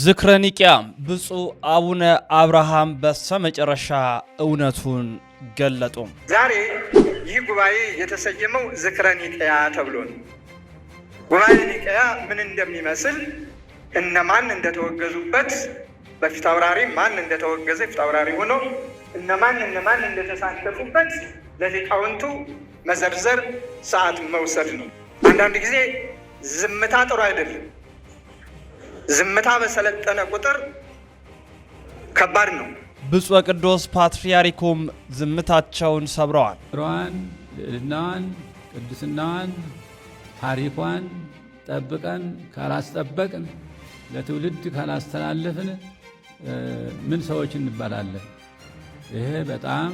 ዝክረ ኒቅያ ብፁዕ አቡነ አብርሃም በስተመጨረሻ እውነቱን ገለጡ። ዛሬ ይህ ጉባኤ የተሰየመው ዝክረ ኒቅያ ተብሎ ነው። ጉባኤ ኒቅያ ምን እንደሚመስል እነማን እንደተወገዙበት በፊት አውራሪ ማን እንደተወገዘ ፊት አውራሪ ሆኖ እነማን እነማን እንደተሳተፉበት ለሊቃውንቱ መዘርዘር ሰዓት መውሰድ ነው። አንዳንድ ጊዜ ዝምታ ጥሩ አይደለም። ዝምታ በሰለጠነ ቁጥር ከባድ ነው። ብፁዕ ቅዱስ ፓትርያርኩም ዝምታቸውን ሰብረዋል። ሯን፣ ልዕልናዋን፣ ቅድስናዋን፣ ታሪኳን ጠብቀን ካላስጠበቅን ለትውልድ ካላስተላለፍን ምን ሰዎች እንባላለን? ይሄ በጣም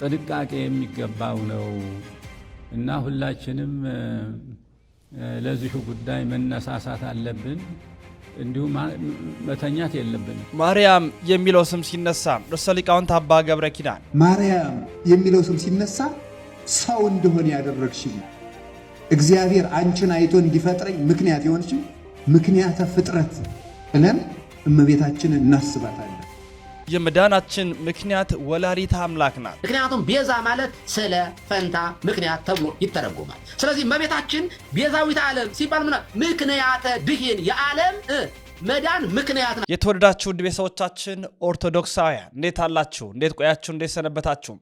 ጥንቃቄ የሚገባው ነው እና ሁላችንም ለዚሁ ጉዳይ መነሳሳት አለብን። እንዲሁም መተኛት የለብን። ማርያም የሚለው ስም ሲነሳ ርዕሰ ሊቃውንት አባ ገብረ ኪዳን ማርያም የሚለው ስም ሲነሳ ሰው እንደሆነ ያደረግሽ እግዚአብሔር አንቺን አይቶ እንዲፈጥረኝ ምክንያት የሆንሽ ምክንያተ ፍጥረት ብለን እመቤታችንን እናስባታለን። የመዳናችን ምክንያት ወላዲተ አምላክ ናት። ምክንያቱም ቤዛ ማለት ስለ ፈንታ ምክንያት ተብሎ ይተረጎማል። ስለዚህ እመቤታችን ቤዛዊት ዓለም ሲባል ምና ምክንያተ ድህን የዓለም መዳን ምክንያት ናት። የተወደዳችሁ ውድ ቤተሰቦቻችን ኦርቶዶክሳውያን እንዴት አላችሁ? እንዴት ቆያችሁ? እንዴት ሰነበታችሁ?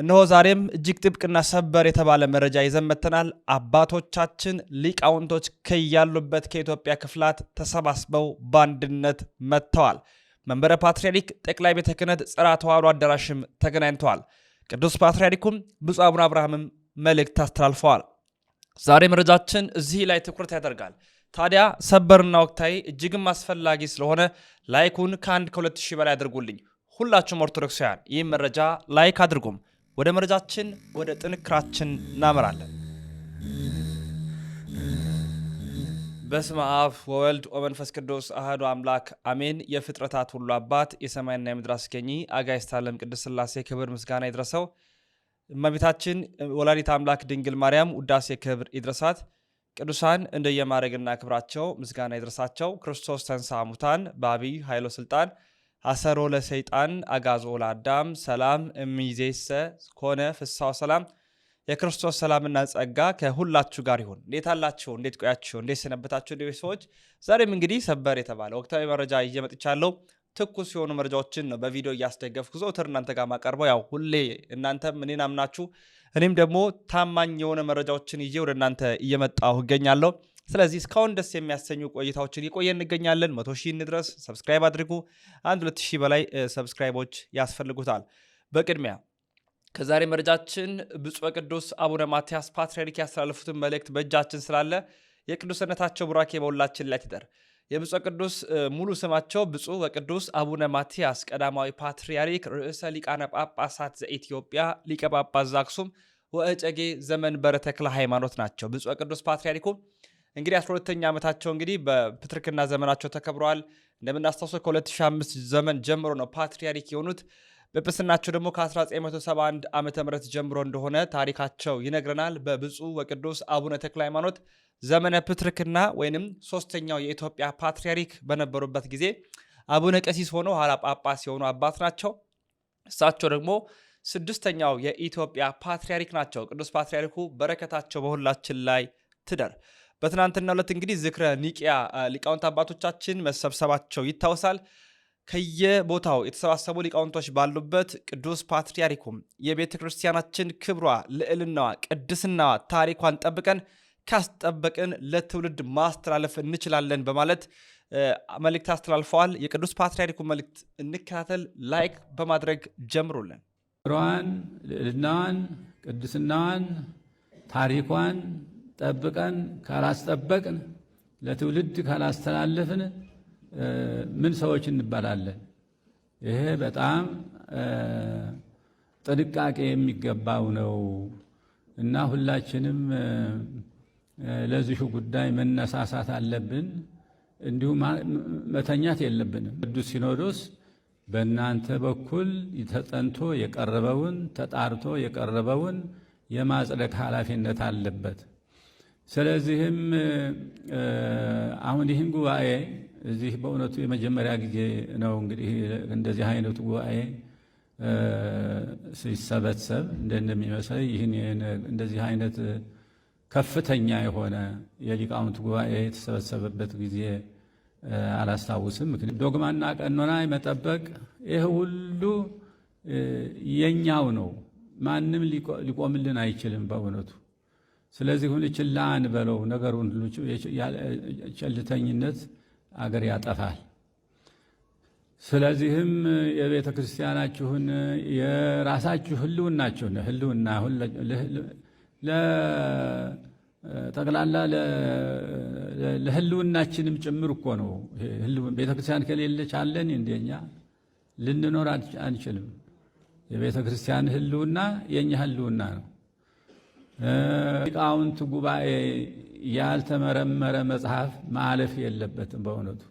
እነሆ ዛሬም እጅግ ጥብቅና ሰበር የተባለ መረጃ ይዘን መጥተናል። አባቶቻችን ሊቃውንቶች ከያሉበት ከኢትዮጵያ ክፍላት ተሰባስበው በአንድነት መጥተዋል። መንበረ ፓትርያርክ ጠቅላይ ቤተ ክህነት ጸራ ተዋሕዶ አዳራሽም ተገናኝተዋል። ቅዱስ ፓትርያርኩም ብፁዕ አቡነ አብርሃምም መልእክት አስተላልፈዋል። ዛሬ መረጃችን እዚህ ላይ ትኩረት ያደርጋል። ታዲያ ሰበርና ወቅታዊ እጅግም አስፈላጊ ስለሆነ ላይኩን ከአንድ ከሁለት ሺህ በላይ አድርጉልኝ። ሁላችሁም ኦርቶዶክሳውያን ይህም መረጃ ላይክ አድርጉም። ወደ መረጃችን ወደ ጥንክራችን እናመራለን። በስመ አብ ወወልድ ወመንፈስ ቅዱስ አህዶ አምላክ አሜን። የፍጥረታት ሁሉ አባት የሰማይና የምድር አስገኚ አጋዕዝተ ዓለም ቅድስት ሥላሴ ክብር ምስጋና ይድረሰው። እመቤታችን ወላዲት አምላክ ድንግል ማርያም ውዳሴ ክብር ይድረሳት። ቅዱሳን እንደየማድረግና ክብራቸው ምስጋና ይድረሳቸው። ክርስቶስ ተንሥአ እሙታን በአቢይ ኃይሎ ሥልጣን አሰሮ ለሰይጣን አጋዞ ለአዳም ሰላም እምይእዜሰ ኮነ ፍስሐ ወሰላም የክርስቶስ ሰላምና ጸጋ ከሁላችሁ ጋር ይሁን። እንዴት አላችሁ? እንዴት ቆያችሁ? እንዴት ሰነበታችሁ? እንዴት ሰዎች፣ ዛሬም እንግዲህ ሰበር የተባለ ወቅታዊ መረጃ ይዤ መጥቻለሁ። ትኩስ የሆኑ መረጃዎችን ነው በቪዲዮ እያስደገፍኩ ዘውትር እናንተ ጋር ማቀርበው። ያው ሁሌ እናንተም እኔን አምናችሁ እኔም ደግሞ ታማኝ የሆነ መረጃዎችን ይዤ ወደ እናንተ እየመጣሁ እገኛለሁ። ስለዚህ እስካሁን ደስ የሚያሰኙ ቆይታዎችን እየቆየ እንገኛለን። መቶ ሺህ እንድረስ ሰብስክራይብ አድርጉ። አንድ ሁለት ሺህ በላይ ሰብስክራይቦች ያስፈልጉታል። በቅድሚያ ከዛሬ መረጃችን ብፁዕ ቅዱስ አቡነ ማትያስ ፓትርያርክ ያስተላለፉትን መልእክት በእጃችን ስላለ የቅዱስነታቸው ቡራኬ በሁላችን ላይ ትደር። የብፁዕ ቅዱስ ሙሉ ስማቸው ብፁዕ ወቅዱስ አቡነ ማትያስ ቀዳማዊ ፓትርያርክ ርዕሰ ሊቃነ ጳጳሳት ዘኢትዮጵያ ሊቀ ጳጳስ ዘአክሱም ወእጨጌ ዘመን ተክለ ሃይማኖት ናቸው። ብፁዕ ቅዱስ ፓትርያርኩ እንግዲህ 12ተኛ ዓመታቸው እንግዲህ በፕትርክና ዘመናቸው ተከብረዋል። እንደምናስታውሰው ከ2005 ዘመን ጀምሮ ነው ፓትርያርክ የሆኑት። ጵጵስናቸው ደግሞ ከ1971 ዓ ም ጀምሮ እንደሆነ ታሪካቸው ይነግረናል። በብፁዕ ወቅዱስ አቡነ ተክለ ሃይማኖት ዘመነ ፕትርክና ወይንም ሶስተኛው የኢትዮጵያ ፓትርያርክ በነበሩበት ጊዜ አቡነ ቀሲስ ሆኖ ኋላ ጳጳስ የሆኑ አባት ናቸው። እሳቸው ደግሞ ስድስተኛው የኢትዮጵያ ፓትርያርክ ናቸው። ቅዱስ ፓትርያርኩ በረከታቸው በሁላችን ላይ ትደር። በትናንትና ዕለት እንግዲህ ዝክረ ኒቅያ ሊቃውንት አባቶቻችን መሰብሰባቸው ይታወሳል። ከየቦታው የተሰባሰቡ ሊቃውንቶች ባሉበት ቅዱስ ፓትርያርኩም የቤተ ክርስቲያናችን ክብሯ፣ ልዕልናዋ፣ ቅድስናዋ፣ ታሪኳን ጠብቀን ካስጠበቅን ለትውልድ ማስተላለፍ እንችላለን በማለት መልእክት አስተላልፈዋል። የቅዱስ ፓትርያርኩ መልእክት እንከታተል። ላይክ በማድረግ ጀምሩልን። ክብሯን፣ ልዕልናዋን፣ ቅድስናዋን፣ ታሪኳን ጠብቀን ካላስጠበቅን ለትውልድ ካላስተላለፍን ምን ሰዎች እንባላለን። ይሄ በጣም ጥንቃቄ የሚገባው ነው እና ሁላችንም ለዚሁ ጉዳይ መነሳሳት አለብን። እንዲሁም መተኛት የለብንም። ቅዱስ ሲኖዶስ በእናንተ በኩል ተጠንቶ የቀረበውን ተጣርቶ የቀረበውን የማጽደቅ ኃላፊነት አለበት። ስለዚህም አሁን ይህን ጉባኤ እዚህ በእውነቱ የመጀመሪያ ጊዜ ነው እንግዲህ እንደዚህ አይነቱ ጉባኤ ሲሰበሰብ እንደሚመስለኝ ይህን እንደዚህ አይነት ከፍተኛ የሆነ የሊቃውንት ጉባኤ የተሰበሰበበት ጊዜ አላስታውስም። ምክንያት ዶግማና ቀኖና መጠበቅ ይህ ሁሉ የኛው ነው፣ ማንም ሊቆምልን አይችልም በእውነቱ። ስለዚህ ሁን ችላ አንበለው ነገሩን ሁሉ ቸልተኝነት አገር ያጠፋል። ስለዚህም የቤተ ክርስቲያናችሁን የራሳችሁ ህልውናችሁን ህልውና ጠቅላላ ለህልውናችንም ጭምር እኮ ነው። ቤተ ክርስቲያን ከሌለች አለን እንደኛ ልንኖር አንችልም። የቤተ ክርስቲያን ህልውና የእኛ ህልውና ነው። ሊቃውንት ጉባኤ ያልተመረመረ መጽሐፍ ማለፍ የለበትም። በእውነቱ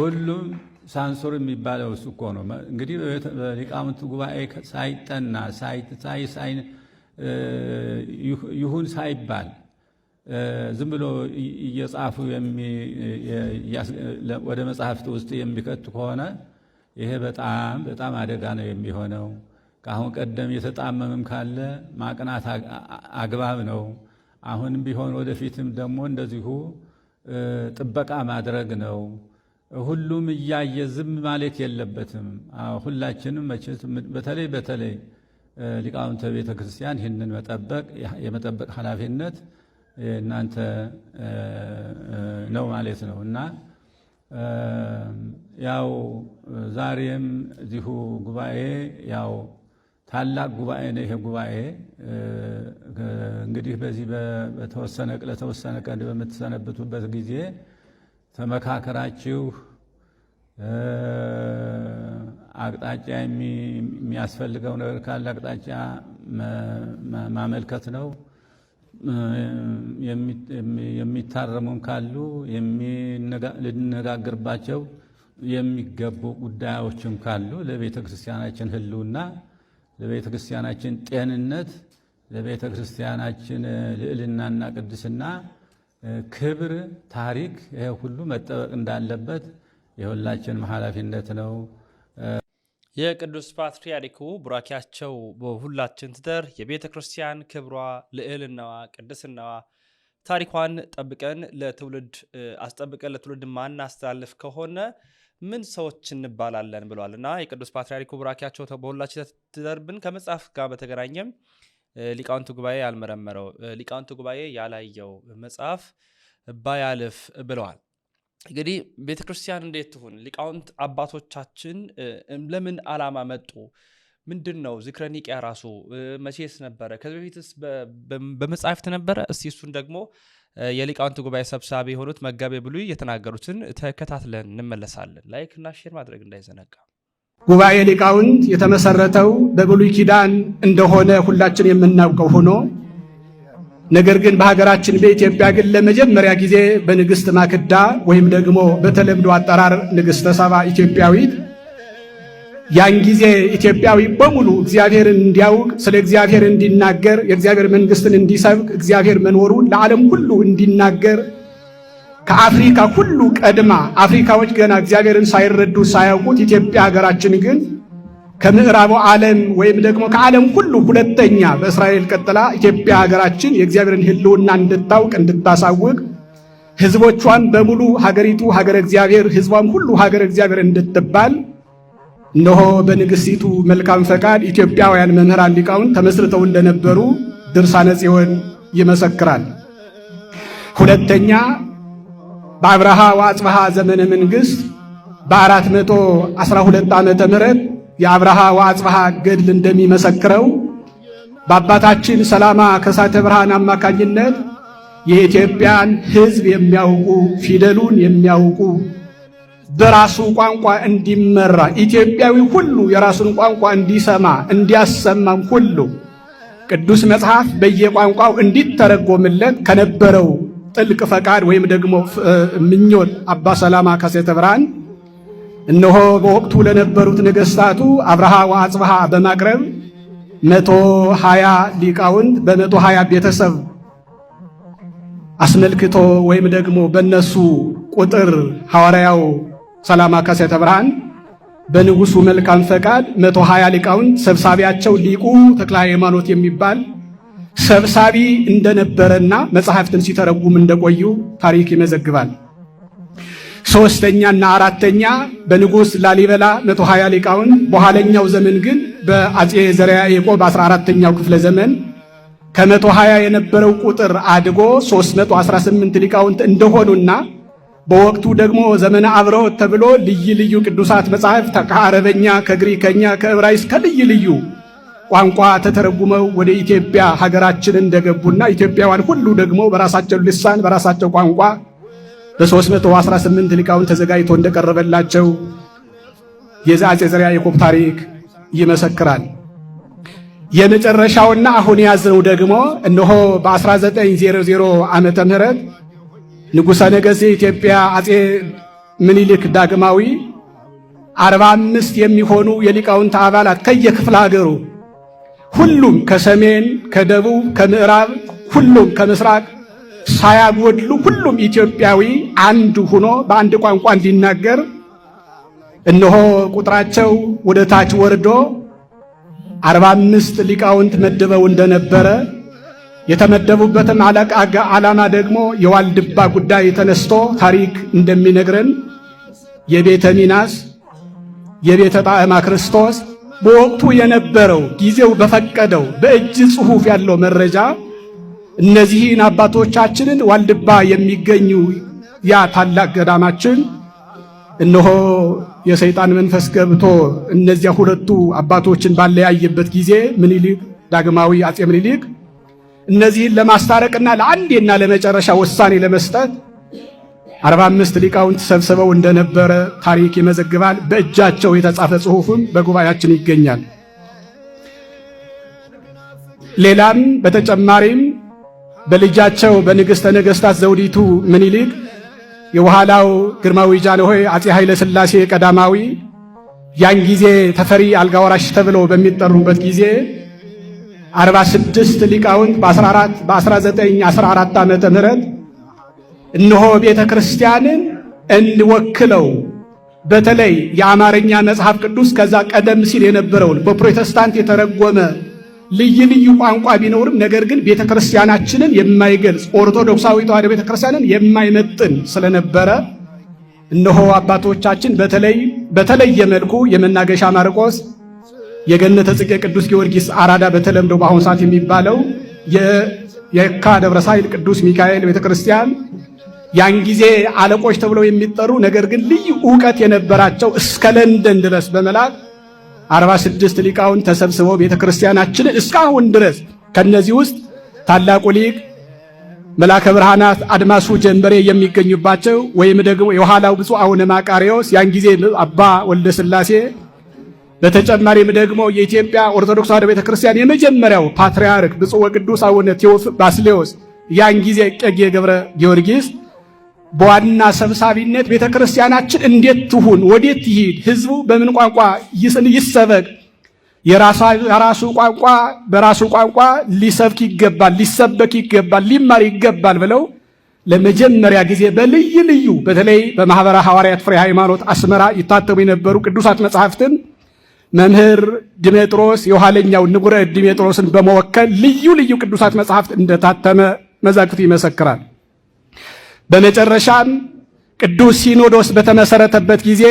ሁሉም ሳንሱር የሚባለው እሱ እኮ ነው። እንግዲህ በሊቃውንት ጉባኤ ሳይጠና ይሁን ሳይባል ዝም ብሎ እየጻፉ ወደ መጽሐፍት ውስጥ የሚከቱ ከሆነ ይሄ በጣም በጣም አደጋ ነው የሚሆነው። ከአሁን ቀደም የተጣመመም ካለ ማቅናት አግባብ ነው። አሁንም ቢሆን ወደፊትም ደግሞ እንደዚሁ ጥበቃ ማድረግ ነው። ሁሉም እያየ ዝም ማለት የለበትም። ሁላችንም መቼስ በተለይ በተለይ ሊቃውንተ ቤተ ክርስቲያን ይህንን መጠበቅ የመጠበቅ ኃላፊነት እናንተ ነው ማለት ነው እና ያው ዛሬም እዚሁ ጉባኤ ያው ታላቅ ጉባኤ ነው። ይሄ ጉባኤ እንግዲህ በዚህ በተወሰነ ለተወሰነ ቀን በምትሰነብቱበት ጊዜ ተመካከራችሁ አቅጣጫ የሚያስፈልገው ነገር ካለ አቅጣጫ ማመልከት ነው። የሚታረሙም ካሉ ልንነጋግርባቸው የሚገቡ ጉዳዮችም ካሉ ለቤተ ክርስቲያናችን ሕልውና ለቤተ ክርስቲያናችን ጤንነት፣ ለቤተ ክርስቲያናችን ልዕልናና ቅድስና ክብር፣ ታሪክ ይሄ ሁሉ መጠበቅ እንዳለበት የሁላችንም ኃላፊነት ነው። የቅዱስ ፓትርያርኩ ቡራኪያቸው በሁላችን ትደር። የቤተ ክርስቲያን ክብሯ፣ ልዕልናዋ፣ ቅድስናዋ ታሪኳን ጠብቀን ለትውልድ አስጠብቀን ለትውልድ ማናስተላልፍ ከሆነ ምን ሰዎች እንባላለን ብሏል እና የቅዱስ ፓትርያርኩ ቡራኪያቸው በሁላችን ተደርብን ከመጽሐፍ ጋር በተገናኘም ሊቃውንቱ ጉባኤ ያልመረመረው ሊቃውንቱ ጉባኤ ያላየው መጽሐፍ ባያልፍ ብለዋል። እንግዲህ ቤተ ክርስቲያን እንዴት ትሁን? ሊቃውንት አባቶቻችን ለምን አላማ መጡ? ምንድን ነው ዝክረኒቅያ ራሱ መቼስ ነበረ? ከዚህ በፊትስ በመጽሐፍት ነበረ? እስቲ እሱን ደግሞ የሊቃውንት ጉባኤ ሰብሳቢ የሆኑት መጋቤ ብሉይ የተናገሩትን ተከታትለን እንመለሳለን። ላይክ እና ሼር ማድረግ እንዳይዘነጋ። ጉባኤ ሊቃውንት የተመሰረተው በብሉይ ኪዳን እንደሆነ ሁላችን የምናውቀው ሆኖ ነገር ግን በሀገራችን በኢትዮጵያ ግን ለመጀመሪያ ጊዜ በንግሥት ማክዳ ወይም ደግሞ በተለምዶ አጠራር ንግሥተ ኢትዮጵያዊት ያን ጊዜ ኢትዮጵያዊ በሙሉ እግዚአብሔርን እንዲያውቅ ስለ እግዚአብሔር እንዲናገር የእግዚአብሔር መንግስትን እንዲሰብክ እግዚአብሔር መኖሩን ለዓለም ሁሉ እንዲናገር ከአፍሪካ ሁሉ ቀድማ አፍሪካዎች ገና እግዚአብሔርን ሳይረዱ ሳያውቁት ኢትዮጵያ ሀገራችን ግን ከምዕራቡ ዓለም ወይም ደግሞ ከዓለም ሁሉ ሁለተኛ በእስራኤል ቀጥላ ኢትዮጵያ ሀገራችን የእግዚአብሔርን ሕልውና እንድታውቅ እንድታሳውቅ ሕዝቦቿን በሙሉ ሀገሪቱ ሀገረ እግዚአብሔር ሕዝቧም ሁሉ ሀገረ እግዚአብሔር እንድትባል እነሆ በንግሥቲቱ መልካም ፈቃድ ኢትዮጵያውያን መምህራን ሊቃውንት ተመስርተው እንደነበሩ ድርሳነ ጽዮን ይመሰክራል። ሁለተኛ በአብርሃ ወአጽብሃ ዘመነ መንግሥት በ412 ዓመተ ምህረት የአብርሃ ወአጽብሃ ገድል እንደሚመሰክረው በአባታችን ሰላማ ከሳተ ብርሃን አማካኝነት የኢትዮጵያን ሕዝብ የሚያውቁ ፊደሉን የሚያውቁ በራሱ ቋንቋ እንዲመራ ኢትዮጵያዊ ሁሉ የራሱን ቋንቋ እንዲሰማ እንዲያሰማም ሁሉ ቅዱስ መጽሐፍ በየቋንቋው እንዲተረጎምለት ከነበረው ጥልቅ ፈቃድ ወይም ደግሞ ምኞት አባ ሰላማ ካሴተ ብርሃን እነሆ በወቅቱ ለነበሩት ነገሥታቱ አብርሃ ወአጽብሃ በማቅረብ መቶ ሀያ ሊቃውንት በመቶ ሀያ ቤተሰብ አስመልክቶ ወይም ደግሞ በእነሱ ቁጥር ሐዋርያው ሰላማ ካሴተ ብርሃን በንጉሱ መልካም ፈቃድ መቶ ሀያ ሊቃውንት ሰብሳቢያቸው ሊቁ ተክለ ሃይማኖት የሚባል ሰብሳቢ እንደነበረና መጽሐፍትን ሲተረጉም እንደቆዩ ታሪክ ይመዘግባል። ሶስተኛና አራተኛ በንጉስ ላሊበላ መቶ ሀያ ሊቃውንት፣ በኋለኛው ዘመን ግን በአጼ ዘርዓ ያዕቆብ አስራ አራተኛው ክፍለ ዘመን ከመቶ ሀያ የነበረው ቁጥር አድጎ 318 ሊቃውንት እንደሆኑና በወቅቱ ደግሞ ዘመነ አብረውት ተብሎ ልዩ ልዩ ቅዱሳት መጻሕፍት ከአረበኛ፣ ከግሪከኛ፣ ከዕብራይስ ከልዩ ልዩ ቋንቋ ተተረጉመው ወደ ኢትዮጵያ ሀገራችን እንደገቡና ኢትዮጵያውያን ሁሉ ደግሞ በራሳቸው ልሳን በራሳቸው ቋንቋ በ318 ሊቃውን ተዘጋጅቶ እንደቀረበላቸው የዘአጼ ዘርዓ ያዕቆብ ታሪክ ይመሰክራል። የመጨረሻውና አሁን የያዝነው ደግሞ እነሆ በ1900 ዓመተ ምህረት ንጉሠ ነገሥት ኢትዮጵያ አጼ ምኒልክ ዳግማዊ አርባ አምስት የሚሆኑ የሊቃውንት አባላት ከየክፍለ ሀገሩ ሁሉም ከሰሜን፣ ከደቡብ፣ ከምዕራብ ሁሉም ከምስራቅ ሳያጎድሉ ሁሉም ኢትዮጵያዊ አንድ ሆኖ በአንድ ቋንቋ እንዲናገር እነሆ ቁጥራቸው ወደ ታች ወርዶ አርባ አምስት ሊቃውንት መድበው እንደነበረ የተመደቡበትም አለቃ ዓላማ ደግሞ የዋልድባ ጉዳይ ተነስቶ ታሪክ እንደሚነግረን የቤተ ሚናስ የቤተ ጣዕማ ክርስቶስ በወቅቱ የነበረው ጊዜው በፈቀደው በእጅ ጽሑፍ ያለው መረጃ እነዚህን አባቶቻችንን ዋልድባ የሚገኙ ያ ታላቅ ገዳማችን እነሆ የሰይጣን መንፈስ ገብቶ እነዚያ ሁለቱ አባቶችን ባለያየበት ጊዜ ምኒልክ ዳግማዊ አጼ ምኒልክ እነዚህን ለማስታረቅና ለአንዴና ለመጨረሻ ውሳኔ ለመስጠት አርባ አምስት ሊቃውንት ሰብስበው እንደነበረ ታሪክ ይመዘግባል። በእጃቸው የተጻፈ ጽሑፍም በጉባኤያችን ይገኛል። ሌላም በተጨማሪም በልጃቸው በንግሥተ ነገሥታት ዘውዲቱ ምኒልክ የኋላው ግርማዊ ጃንሆይ አጼ ኃይለ ሥላሴ ቀዳማዊ ያን ጊዜ ተፈሪ አልጋወራሽ ተብለው በሚጠሩበት ጊዜ 46 ሊቃውንት በ1914 ዓመተ ምህረት እነሆ ቤተ ክርስቲያንን እንወክለው በተለይ የአማርኛ መጽሐፍ ቅዱስ ከዛ ቀደም ሲል የነበረውን በፕሮቴስታንት የተረጎመ ልዩ ልዩ ቋንቋ ቢኖርም ነገር ግን ቤተ ክርስቲያናችንን የማይገልጽ ኦርቶዶክሳዊ ተዋሕዶ ቤተ ክርስቲያንን የማይመጥን ስለነበረ እነሆ አባቶቻችን በተለይ በተለየ መልኩ የመናገሻ ማርቆስ የገነተ ጽጌ ቅዱስ ጊዮርጊስ አራዳ በተለምዶ በአሁኑ ሰዓት የሚባለው የካ ደብረ ሳይል ቅዱስ ሚካኤል ቤተክርስቲያን ያን ጊዜ አለቆች ተብለው የሚጠሩ ነገር ግን ልዩ ዕውቀት የነበራቸው እስከ ለንደን ድረስ በመላክ 46 ሊቃውን ተሰብስበው ቤተክርስቲያናችንን እስካሁን ድረስ ከነዚህ ውስጥ ታላቁ ሊቅ መላከ ብርሃናት አድማሱ ጀንበሬ የሚገኙባቸው ወይም ደግሞ የኋላው ብፁዕ አቡነ ማቃሪዎስ ያን ጊዜ አባ ወልደ ስላሴ በተጨማሪም ደግሞ የኢትዮጵያ ኦርቶዶክስ ተዋሕዶ ቤተክርስቲያን የመጀመሪያው ፓትርያርክ ብፁዕ ወቅዱስ አቡነ ባስሌዎስ ያን ጊዜ እጨጌ ገብረ ጊዮርጊስ በዋና ሰብሳቢነት ቤተክርስቲያናችን እንዴት ትሁን፣ ወዴት ትሂድ፣ ህዝቡ በምን ቋንቋ ይሰበክ፣ የራሱ ቋንቋ በራሱ ቋንቋ ሊሰብክ ይገባል፣ ሊሰበክ ይገባል፣ ሊማር ይገባል ብለው ለመጀመሪያ ጊዜ በልዩ ልዩ በተለይ በማኅበረ ሐዋርያት ፍሬ ሃይማኖት አስመራ ይታተሙ የነበሩ ቅዱሳት መጽሐፍትን መምህር ዲሜጥሮስ የኋለኛው ንጉረ ዲሜጥሮስን በመወከል ልዩ ልዩ ቅዱሳት መጽሐፍት እንደታተመ መዛግብት ይመሰክራል። በመጨረሻም ቅዱስ ሲኖዶስ በተመሰረተበት ጊዜ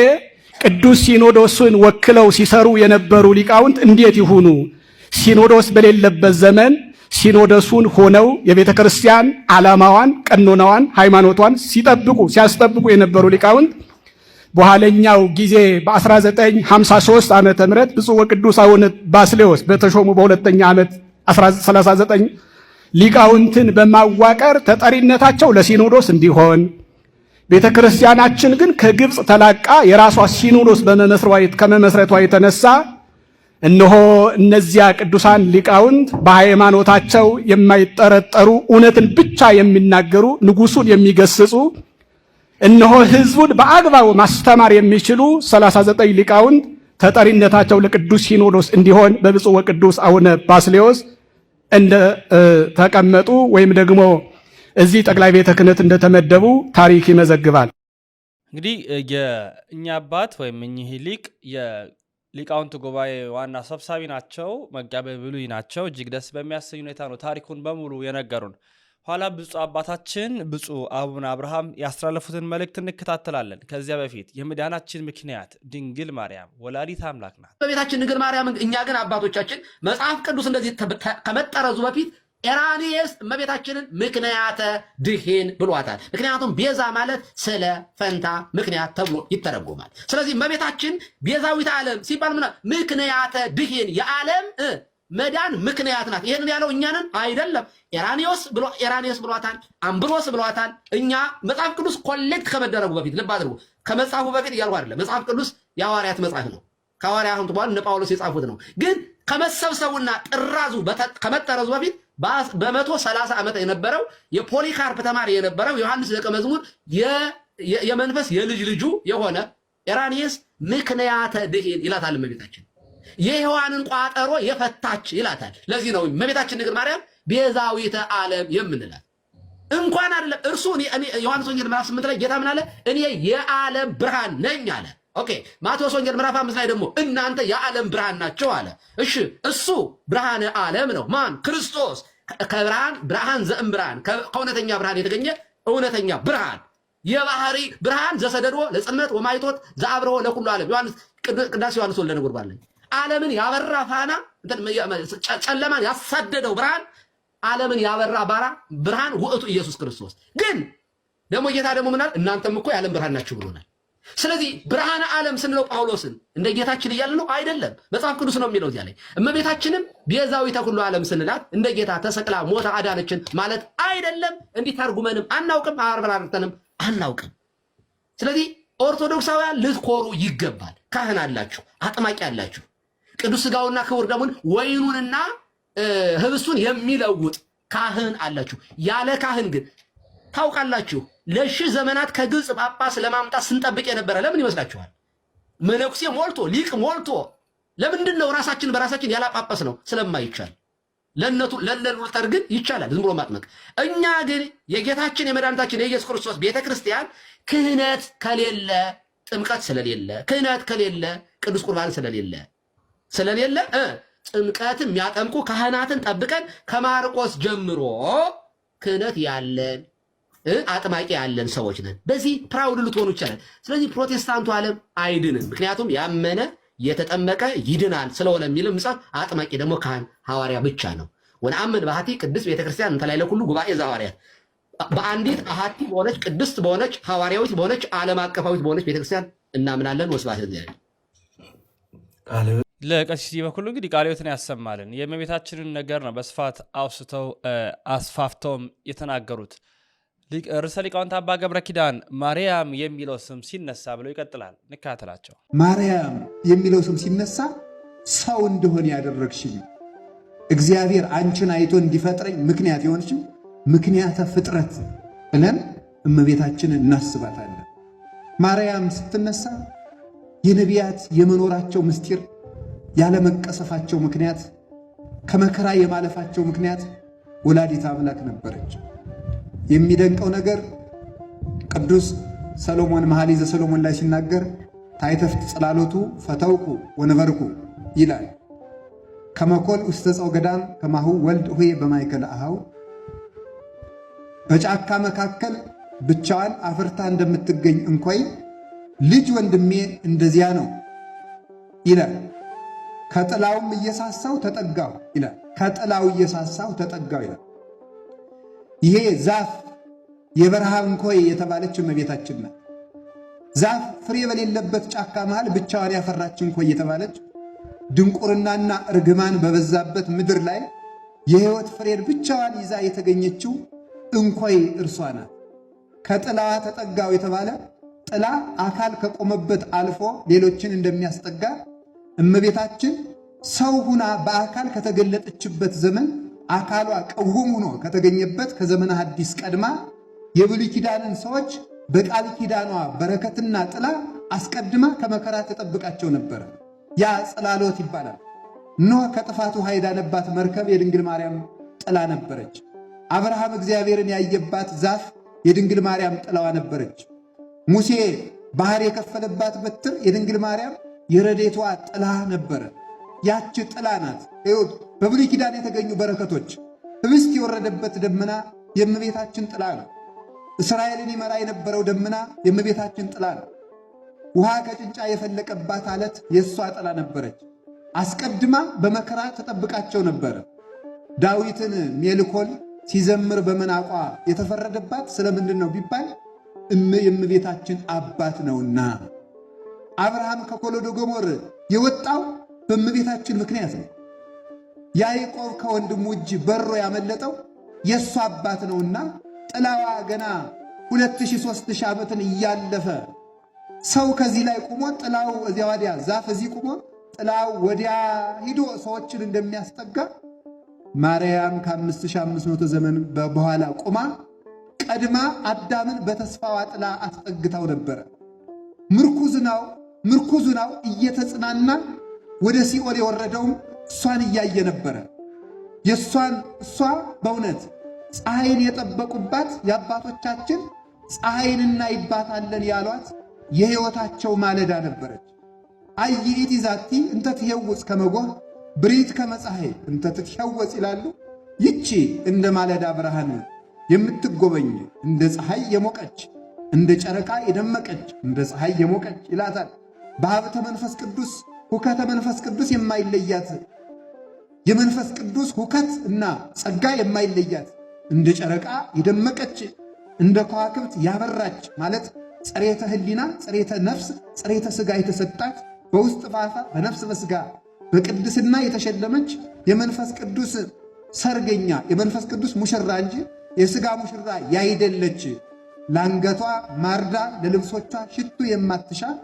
ቅዱስ ሲኖዶስን ወክለው ሲሰሩ የነበሩ ሊቃውንት እንዴት ይሁኑ? ሲኖዶስ በሌለበት ዘመን ሲኖዶሱን ሆነው የቤተ ክርስቲያን ዓላማዋን፣ ቀኖናዋን፣ ሃይማኖቷን ሲጠብቁ ሲያስጠብቁ የነበሩ ሊቃውንት በኋለኛው ጊዜ በ1953 ዓመተ ምህረት ብፁዕ ወቅዱስ አቡነ ባስሌዎስ በተሾሙ በሁለተኛ ዓመት 1939 ሊቃውንትን በማዋቀር ተጠሪነታቸው ለሲኖዶስ እንዲሆን ቤተ ክርስቲያናችን ግን ከግብፅ ተላቃ የራሷ ሲኖዶስ ከመመስረቷ የተነሳ እነሆ እነዚያ ቅዱሳን ሊቃውንት በሃይማኖታቸው የማይጠረጠሩ እውነትን ብቻ የሚናገሩ ንጉሱን የሚገስጹ እነሆ ህዝቡን በአግባቡ ማስተማር የሚችሉ 39 ሊቃውንት ተጠሪነታቸው ለቅዱስ ሲኖዶስ እንዲሆን በብፁዕ ወቅዱስ አቡነ ባስሌዎስ እንደ ተቀመጡ ወይም ደግሞ እዚህ ጠቅላይ ቤተ ክህነት እንደተመደቡ ታሪክ ይመዘግባል። እንግዲህ የእኛ አባት ወይም እኚህ ሊቅ የሊቃውንት ጉባኤ ዋና ሰብሳቢ ናቸው። መጋቤ ብሉይ ናቸው። እጅግ ደስ በሚያሰኝ ሁኔታ ነው ታሪኩን በሙሉ የነገሩን። ኋላ ብፁ አባታችን ብፁ አቡነ አብርሃም ያስተላለፉትን መልእክት እንከታተላለን። ከዚያ በፊት የመዳናችን ምክንያት ድንግል ማርያም ወላዲት አምላክ ናት። በቤታችን ድንግል ማርያም። እኛ ግን አባቶቻችን መጽሐፍ ቅዱስ እንደዚህ ከመጠረዙ በፊት ኤራኒየስ እመቤታችንን ምክንያተ ድህን ብሏታል። ምክንያቱም ቤዛ ማለት ስለ ፈንታ ምክንያት ተብሎ ይተረጎማል። ስለዚህ እመቤታችን ቤዛዊት ዓለም ሲባል ምክንያተ ድኅን የዓለም መዳን ምክንያት ናት። ይሄንን ያለው እኛንን አይደለም። ኤራኒዮስ ብሎ ኤራኒዮስ ብሏታል፣ አምብሮስ ብሏታል። እኛ መጽሐፍ ቅዱስ ኮሌክት ከመደረጉ በፊት ልብ አድርጉ። ከመጽሐፉ በፊት እያልኩ አይደለም። መጽሐፍ ቅዱስ የሐዋርያት መጽሐፍ ነው። ከሐዋርያት በኋላ እነ ጳውሎስ የጻፉት ነው። ግን ከመሰብሰቡና ጥራዙ ከመጠረዙ በፊት በመቶ ሰላሳ ዓመት የነበረው የፖሊካርፕ ተማሪ የነበረው ዮሐንስ ደቀ መዝሙር የመንፈስ የልጅ ልጁ የሆነ ኤራኒዮስ ምክንያተ ድኂን ይላታል እመቤታችን የሔዋንን ቋጠሮ የፈታች ይላታል። ለዚህ ነው እመቤታችን ድንግል ማርያም ቤዛዊተ ዓለም የምንላት። እንኳን አይደለም እርሱ ዮሐንስ ወንጌል ምዕራፍ 8 ላይ ጌታ ምን አለ? እኔ የዓለም ብርሃን ነኝ አለ። ኦኬ ማቴዎስ ወንጌል ምዕራፍ 5 ላይ ደግሞ እናንተ የዓለም ብርሃን ናቸው አለ። እሺ እሱ ብርሃነ ዓለም ነው። ማን? ክርስቶስ። ከብርሃን ብርሃን ዘእም ብርሃን ከእውነተኛ ብርሃን የተገኘ እውነተኛ ብርሃን የባህሪ ብርሃን ዘሰደዶ ለጽልመት ወማይቶት ዘአብርሆ ለኩሉ ዓለም ዮሐንስ ቅዳሴ ዮሐንስ ወልደ ነጎድጓድ ዓለምን ያበራ ፋና ጨለማን ያሳደደው ብርሃን ዓለምን ያበራ ባራ ብርሃን ውእቱ ኢየሱስ ክርስቶስ ግን ደግሞ ጌታ ደግሞ ምናል እናንተም እኮ የዓለም ብርሃን ናችሁ ብሎናል። ስለዚህ ብርሃነ ዓለም ስንለው ጳውሎስን እንደ ጌታችን እያለ ነው አይደለም፣ መጽሐፍ ቅዱስ ነው የሚለው እዚያ ላይ። እመቤታችንም ቤዛዊተ ኩሉ ዓለም ስንላት እንደ ጌታ ተሰቅላ ሞታ አዳነችን ማለት አይደለም። እንዲህ ተርጉመንም አናውቅም፣ አርበራርተንም አናውቅም። ስለዚህ ኦርቶዶክሳውያን ልትኮሩ ይገባል። ካህን አላችሁ፣ አጥማቂ አላችሁ፣ ቅዱስ ስጋውና ክቡር ደሙን ወይኑንና ህብስቱን የሚለውጥ ካህን አላችሁ። ያለ ካህን ግን ታውቃላችሁ፣ ለሺህ ዘመናት ከግብፅ ጳጳስ ለማምጣት ስንጠብቅ የነበረ ለምን ይመስላችኋል? መነኩሴ ሞልቶ ሊቅ ሞልቶ ለምንድን ነው ራሳችን በራሳችን ያላጳጳስ ነው? ስለማይቻል ለነቱ ለለሉተር ግን ይቻላል፣ ዝም ብሎ ማጥመቅ። እኛ ግን የጌታችን የመድኃኒታችን የኢየሱስ ክርስቶስ ቤተክርስቲያን ክህነት ከሌለ ጥምቀት ስለሌለ፣ ክህነት ከሌለ ቅዱስ ቁርባን ስለሌለ ስለሌለ ጥምቀትም የሚያጠምቁ ካህናትን ጠብቀን ከማርቆስ ጀምሮ ክህነት ያለን አጥማቂ ያለን ሰዎች ነን። በዚህ ፕራውድ ልትሆኑ ይቻላል። ስለዚህ ፕሮቴስታንቱ ዓለም አይድንም። ምክንያቱም ያመነ የተጠመቀ ይድናል ስለሆነ የሚልም ምጽሐፍ አጥማቂ ደግሞ ካህን ሐዋርያ ብቻ ነው። ወነአምን በአሐቲ ቅድስት ቤተክርስቲያን እንተላይለ ሁሉ ጉባኤ ዘሐዋርያት በአንዲት አሐቲ በሆነች ቅድስት በሆነች ሐዋርያዊት በሆነች ዓለም አቀፋዊት በሆነች ቤተክርስቲያን እናምናለን። ወስብሐት ለቀሲስ በኩል እንግዲህ ቃለ ሕይወትን ያሰማልን። የእመቤታችንን ነገር ነው በስፋት አውስተው አስፋፍተውም የተናገሩት። ርዕሰ ሊቃውንት አባ ገብረ ኪዳን ማርያም የሚለው ስም ሲነሳ ብለው ይቀጥላል። ንካትላቸው ማርያም የሚለው ስም ሲነሳ ሰው እንደሆነ ያደረግሽኝ እግዚአብሔር አንቺን አይቶ እንዲፈጥረኝ ምክንያት የሆንሽም ምክንያተ ፍጥረት ብለን እመቤታችንን እናስባታለን። ማርያም ስትነሳ የነቢያት የመኖራቸው ምስጢር ያለመቀሰፋቸው ምክንያት ከመከራ የማለፋቸው ምክንያት ወላዲት አምላክ ነበረች። የሚደንቀው ነገር ቅዱስ ሰሎሞን መኃልየ ዘሰሎሞን ላይ ሲናገር ታይተፍት ጸላሎቱ ፈተውኩ ወንበርኩ ይላል። ከመኮል ውስተ ጸው ገዳም ከማሁ ወልድ ሁዬ በማይከል አሃው በጫካ መካከል ብቻዋን አፍርታ እንደምትገኝ እንኳይ ልጅ ወንድሜ እንደዚያ ነው ይላል። ከጥላውም እየሳሳው ተጠጋው ይላል። ከጥላው እየሳሳው ተጠጋው ይላል። ይሄ ዛፍ የበረሃ እንኮይ የተባለች እመቤታችን ናት። ዛፍ ፍሬ በሌለበት ጫካ መሃል ብቻዋን ያፈራች እንኮይ የተባለች ድንቁርናና እርግማን በበዛበት ምድር ላይ የህይወት ፍሬን ብቻዋን ይዛ የተገኘችው እንኮይ እርሷ ናት። ከጥላዋ ተጠጋው የተባለ ጥላ አካል ከቆመበት አልፎ ሌሎችን እንደሚያስጠጋ እመቤታችን ሰው ሁና በአካል ከተገለጠችበት ዘመን አካሏ ቀውም ሆኖ ከተገኘበት ከዘመነ ሐዲስ ቀድማ የብሉይ ኪዳንን ሰዎች በቃል ኪዳኗ በረከትና ጥላ አስቀድማ ከመከራ ተጠብቃቸው ነበረ። ያ ጸላሎት ይባላል። ኖህ ከጥፋቱ ውሃ የዳነባት መርከብ የድንግል ማርያም ጥላ ነበረች። አብርሃም እግዚአብሔርን ያየባት ዛፍ የድንግል ማርያም ጥላዋ ነበረች። ሙሴ ባህር የከፈለባት በትር የድንግል ማርያም የረዴቷ ጥላ ነበረ። ያች ጥላ ናት። ይኸውት በብሉይ ኪዳን የተገኙ በረከቶች ህብስት የወረደበት ደመና የእመቤታችን ጥላ ነው። እስራኤልን ይመራ የነበረው ደመና የእመቤታችን ጥላ ነው። ውሃ ከጭንጫ የፈለቀባት አለት የእሷ ጥላ ነበረች። አስቀድማ በመከራ ተጠብቃቸው ነበረ። ዳዊትን ሜልኮል ሲዘምር በመናቋ የተፈረደባት ስለምንድን ነው ቢባል እመ የእመቤታችን አባት ነውና አብርሃም ከኮሎዶ ገሞር የወጣው በእመቤታችን ምክንያት ነው። ያዕቆብ ከወንድሙ እጅ በሮ ያመለጠው የእሱ አባት ነውና ጥላዋ ገና ሁለት ሺህ ሦስት ሺህ ዓመትን እያለፈ ሰው ከዚህ ላይ ቁሞ ጥላው እዚያ ወዲያ ዛፍ እዚህ ቁሞ ጥላው ወዲያ ሂዶ ሰዎችን እንደሚያስጠጋ ማርያም ከአምስት ሺህ አምስት መቶ ዘመን በኋላ ቁማ ቀድማ አዳምን በተስፋዋ ጥላ አስጠግታው ነበረ ምርኩዝናው ዙናው እየተጽናና ወደ ሲኦል የወረደውም እሷን እያየ ነበረ። የእሷን እሷ በእውነት ፀሐይን የጠበቁባት የአባቶቻችን ፀሐይን እናይባታለን ያሏት የሕይወታቸው ማለዳ ነበረች። አየኢቲ ዛቲ እንተ ትሄውፅ ከመጎህ ብሪት ከመፀሐይ እንተ ትትሄወፅ ይላሉ። ይቺ እንደ ማለዳ ብርሃን የምትጎበኝ እንደ ፀሐይ የሞቀች እንደ ጨረቃ የደመቀች እንደ ፀሐይ የሞቀች ይላታል። በሀብተ መንፈስ ቅዱስ ሁከተ መንፈስ ቅዱስ የማይለያት የመንፈስ ቅዱስ ሁከት እና ጸጋ የማይለያት እንደ ጨረቃ የደመቀች እንደ ከዋክብት ያበራች ማለት ጸሬተ ህሊና፣ ጸሬተ ነፍስ ጸሬተ ስጋ የተሰጣት በውስጥ ፋፋ በነፍስ በስጋ በቅድስና የተሸለመች የመንፈስ ቅዱስ ሰርገኛ የመንፈስ ቅዱስ ሙሽራ እንጂ የስጋ ሙሽራ ያይደለች ለአንገቷ፣ ማርዳ ለልብሶቿ ሽቱ የማትሻል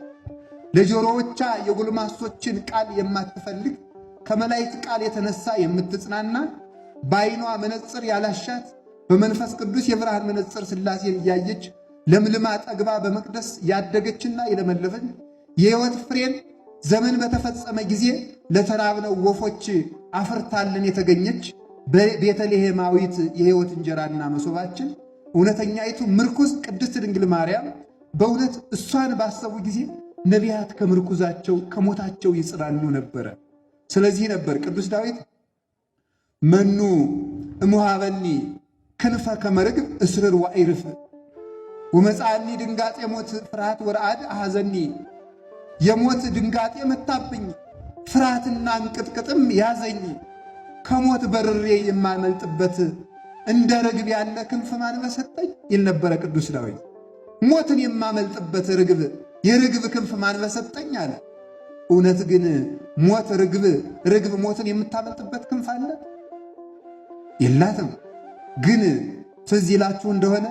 ለጆሮዎቿ የጎልማሶችን ቃል የማትፈልግ ከመላእክት ቃል የተነሳ የምትጽናና በዓይኗ መነጽር ያላሻት በመንፈስ ቅዱስ የብርሃን መነጽር ሥላሴን እያየች ለምልማ ጠግባ በመቅደስ ያደገችና የለመለፈች የሕይወት ፍሬን ዘመን በተፈጸመ ጊዜ ለተራብነው ወፎች አፍርታልን የተገኘች ቤተልሔማዊት የሕይወት እንጀራና መሶባችን እውነተኛይቱ ምርኩዝ ቅድስት ድንግል ማርያም በእውነት እሷን ባሰቡ ጊዜ ነቢያት ከምርኩዛቸው ከሞታቸው ይጽናኑ ነበረ። ስለዚህ ነበር ቅዱስ ዳዊት መኑ እሙሃበኒ ክንፈ ከመርግብ እስርር ዋዕርፍ ወመፃኒ ድንጋጤ ሞት ፍርሃት ወርአድ አሐዘኒ የሞት ድንጋጤ መታብኝ፣ ፍርሃትና እንቅጥቅጥም ያዘኝ። ከሞት በርሬ የማመልጥበት እንደ ርግብ ያለ ክንፍ ማን በሰጠኝ ይል ነበረ ቅዱስ ዳዊት ሞትን የማመልጥበት ርግብ የርግብ ክንፍ ማን ሰጠኝ አለ። እውነት ግን ሞት ርግብ ርግብ ሞትን የምታመልጥበት ክንፍ አለ የላትም። ግን ትዝ ይላችሁ እንደሆነ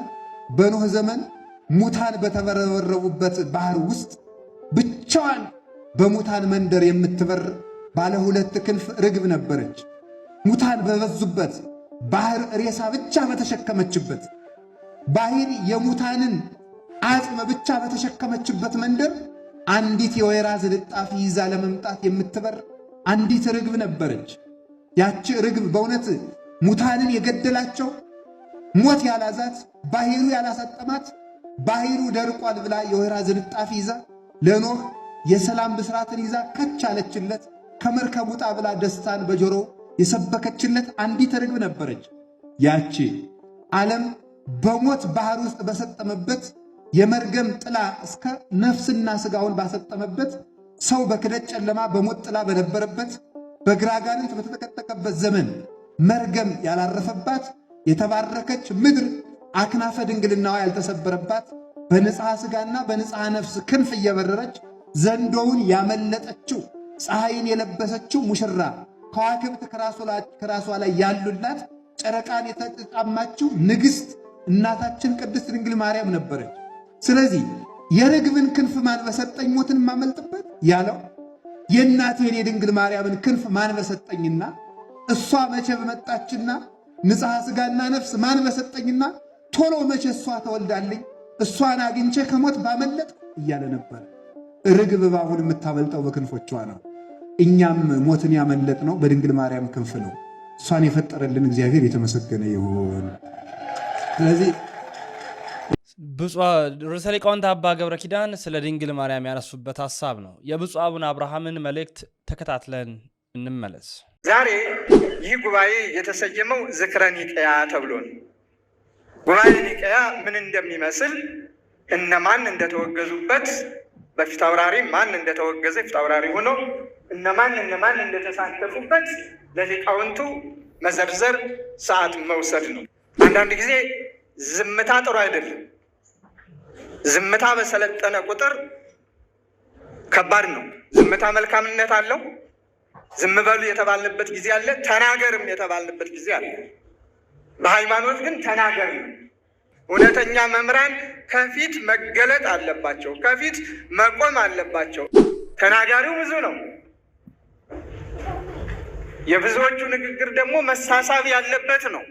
በኖህ ዘመን ሙታን በተበረበረቡበት ባህር ውስጥ ብቻዋን በሙታን መንደር የምትበር ባለ ሁለት ክንፍ ርግብ ነበረች። ሙታን በበዙበት ባህር ሬሳ ብቻ በተሸከመችበት ባህር የሙታንን አጥመ ብቻ በተሸከመችበት መንደር አንዲት የወይራ ዝልጣፊ ይዛ ለመምጣት የምትበር አንዲት ርግብ ነበረች። ያቺ ርግብ በእውነት ሙታንን የገደላቸው ሞት ያላዛት ባህሩ ያላሰጠማት ባህሩ ደርቋል ብላ የወይራ ዝልጣፊ ይዛ ለኖህ የሰላም ብስራትን ይዛ ከች አለችለት። ከመርከብ ውጣ ብላ ደስታን በጆሮ የሰበከችለት አንዲት ርግብ ነበረች። ያቺ ዓለም በሞት ባህር ውስጥ በሰጠመበት የመርገም ጥላ እስከ ነፍስና ስጋውን ባሰጠመበት ሰው በክደት ጨለማ በሞት ጥላ በነበረበት በግራጋንንት በተጠቀጠቀበት ዘመን መርገም ያላረፈባት የተባረከች ምድር አክናፈ ድንግልናዋ ያልተሰበረባት በንጽሐ ስጋና በንጽሐ ነፍስ ክንፍ እየበረረች ዘንዶውን ያመለጠችው ፀሐይን የለበሰችው ሙሽራ ከዋክብት ከራሷ ላይ ያሉላት ጨረቃን የተጣማችው ንግሥት እናታችን ቅድስት ድንግል ማርያም ነበረች። ስለዚህ የርግብን ክንፍ ማን በሰጠኝ ሞትን የማመልጥበት ያለው የእናቴን የድንግል ማርያምን ክንፍ ማን በሰጠኝና እሷ መቼ በመጣችና ንጽሐ ስጋና ነፍስ ማን በሰጠኝና ቶሎ መቼ እሷ ተወልዳልኝ እሷን አግኝቼ ከሞት ባመለጥ እያለ ነበር። ርግብ ባሁን የምታመልጠው በክንፎቿ ነው። እኛም ሞትን ያመለጥ ነው በድንግል ማርያም ክንፍ ነው። እሷን የፈጠረልን እግዚአብሔር የተመሰገነ ይሁን። ስለዚህ ርዕሰ ሊቃውንት አባ ገብረ ኪዳን ስለ ድንግል ማርያም ያነሱበት ሀሳብ ነው። የብፁዕ አቡነ አብርሃምን መልእክት ተከታትለን እንመለስ። ዛሬ ይህ ጉባኤ የተሰየመው ዝክረ ኒቀያ ተብሎ ነው። ጉባኤ ኒቀያ ምን እንደሚመስል እነማን እንደተወገዙበት በፊት አውራሪ ማን እንደተወገዘ ፊት አውራሪ ሆኖ እነማን እነማን እንደተሳተፉበት ለሊቃውንቱ መዘርዘር ሰዓት መውሰድ ነው። አንዳንድ ጊዜ ዝምታ ጥሩ አይደለም። ዝምታ በሰለጠነ ቁጥር ከባድ ነው። ዝምታ መልካምነት አለው። ዝም በሉ የተባልንበት ጊዜ አለ። ተናገርም የተባልንበት ጊዜ አለ። በሃይማኖት ግን ተናገር ነው። እውነተኛ መምህራን ከፊት መገለጥ አለባቸው፣ ከፊት መቆም አለባቸው። ተናጋሪው ብዙ ነው። የብዙዎቹ ንግግር ደግሞ መሳሳብ ያለበት ነው፣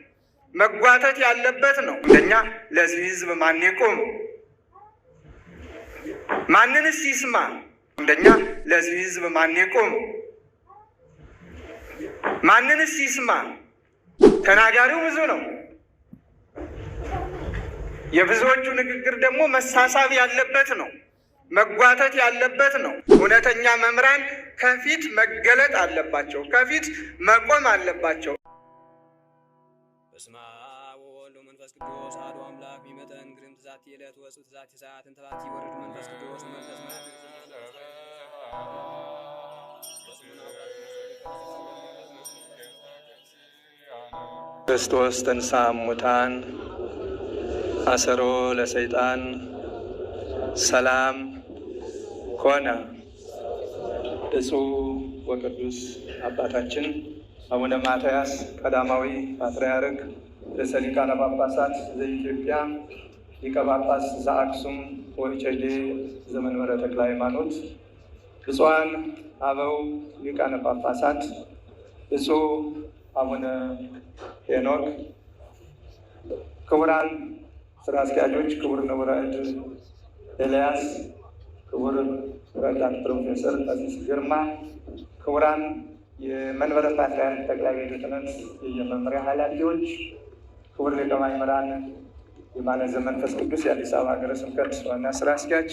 መጓተት ያለበት ነው። እንደኛ ለዚህ ህዝብ ማን ይቁም? ማንንስ ይስማ? እንደኛ ለዚህ ህዝብ ማን ይቆም? ማንንስ ይስማ? ተናጋሪው ብዙ ነው። የብዙዎቹ ንግግር ደግሞ መሳሳብ ያለበት ነው፣ መጓተት ያለበት ነው። እውነተኛ መምህራን ከፊት መገለጥ አለባቸው፣ ከፊት መቆም አለባቸው። ዛቲ ዕለት ወጽት ዛቲ ሰዓት እንተባት ይወርድ መንፈስ ቅዱስ መንፈስ ክርስቶስ ተንሳ ሙታን አሰሮ ለሰይጣን ሰላም ሆነ። ብፁዕ ወቅዱስ አባታችን አቡነ ማትያስ ቀዳማዊ ፓትርያርክ ርዕሰ ሊቃነ ጳጳሳት ዘኢትዮጵያ ሊቀ ጳጳስ ዘአክሱም ወእጨጌ ዘመንበረ ተክለ ሃይማኖት፣ ብፁዓን አበው ሊቃነ ጳጳሳት፣ ብፁዕ አቡነ ሄኖክ፣ ክቡራን ስራ አስኪያጆች፣ ክቡር ንቡረ እድ ኤልያስ፣ ክቡር ረዳት ፕሮፌሰር ቀሲስ ግርማ፣ ክቡራን የመንበረ ፓትርያርክ ጠቅላይ ቤተ ክህነት የመምሪያ ኃላፊዎች፣ ክቡር ሊቀ ማእምራን የማነ መንፈስ ቅዱስ የአዲስ አበባ ሀገረ ስብከት ዋና ስራ አስኪያጅ፣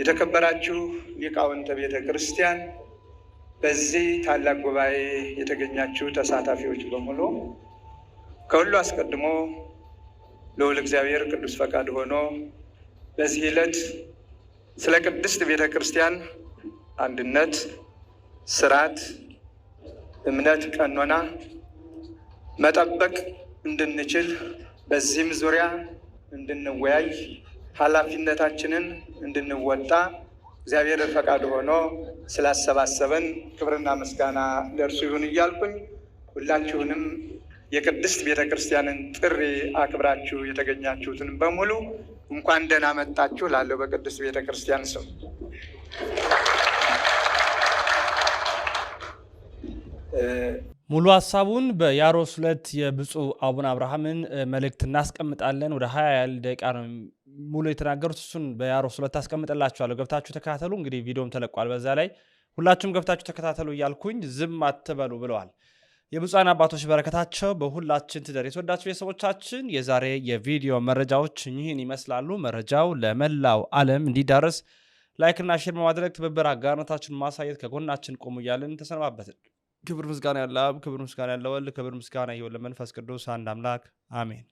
የተከበራችሁ ሊቃውንተ ቤተ ክርስቲያን፣ በዚህ ታላቅ ጉባኤ የተገኛችሁ ተሳታፊዎች በሙሉ ከሁሉ አስቀድሞ ልዑል እግዚአብሔር ቅዱስ ፈቃድ ሆኖ በዚህ ዕለት ስለ ቅድስት ቤተ ክርስቲያን አንድነት፣ ስርዓት፣ እምነት፣ ቀኖና መጠበቅ እንድንችል በዚህም ዙሪያ እንድንወያይ ኃላፊነታችንን እንድንወጣ እግዚአብሔር ፈቃድ ሆኖ ስላሰባሰበን ክብርና ምስጋና ለእርሱ ይሁን እያልኩኝ ሁላችሁንም የቅድስት ቤተ ክርስቲያንን ጥሪ አክብራችሁ የተገኛችሁትን በሙሉ እንኳን ደህና መጣችሁ ላለው በቅድስት ቤተ ክርስቲያን ስም ሙሉ ሀሳቡን በያሮስ ሁለት የብፁዕ አቡነ አብርሃምን መልእክት እናስቀምጣለን። ወደ ሀያ ያህል ደቂቃ ነው ሙሉ የተናገሩት። እሱን በያሮስ ሁለት አስቀምጥላችኋለሁ። ገብታችሁ ተከታተሉ። እንግዲህ ቪዲዮም ተለቋል። በዛ ላይ ሁላችሁም ገብታችሁ ተከታተሉ እያልኩኝ ዝም አትበሉ ብለዋል። የብፁዓን አባቶች በረከታቸው በሁላችን ትደር። የተወዳችሁ ቤተሰቦቻችን የዛሬ የቪዲዮ መረጃዎች ይህን ይመስላሉ። መረጃው ለመላው ዓለም እንዲዳረስ ላይክና ሼር በማድረግ ትብብር አጋርነታችን ማሳየት ከጎናችን ቆሙ እያልን ተሰነባበትን። ክብር ምስጋና ያለ አብ፣ ክብር ምስጋና ያለ ወልድ፣ ክብር ምስጋና ይሁን ለመንፈስ ቅዱስ አንድ አምላክ አሜን።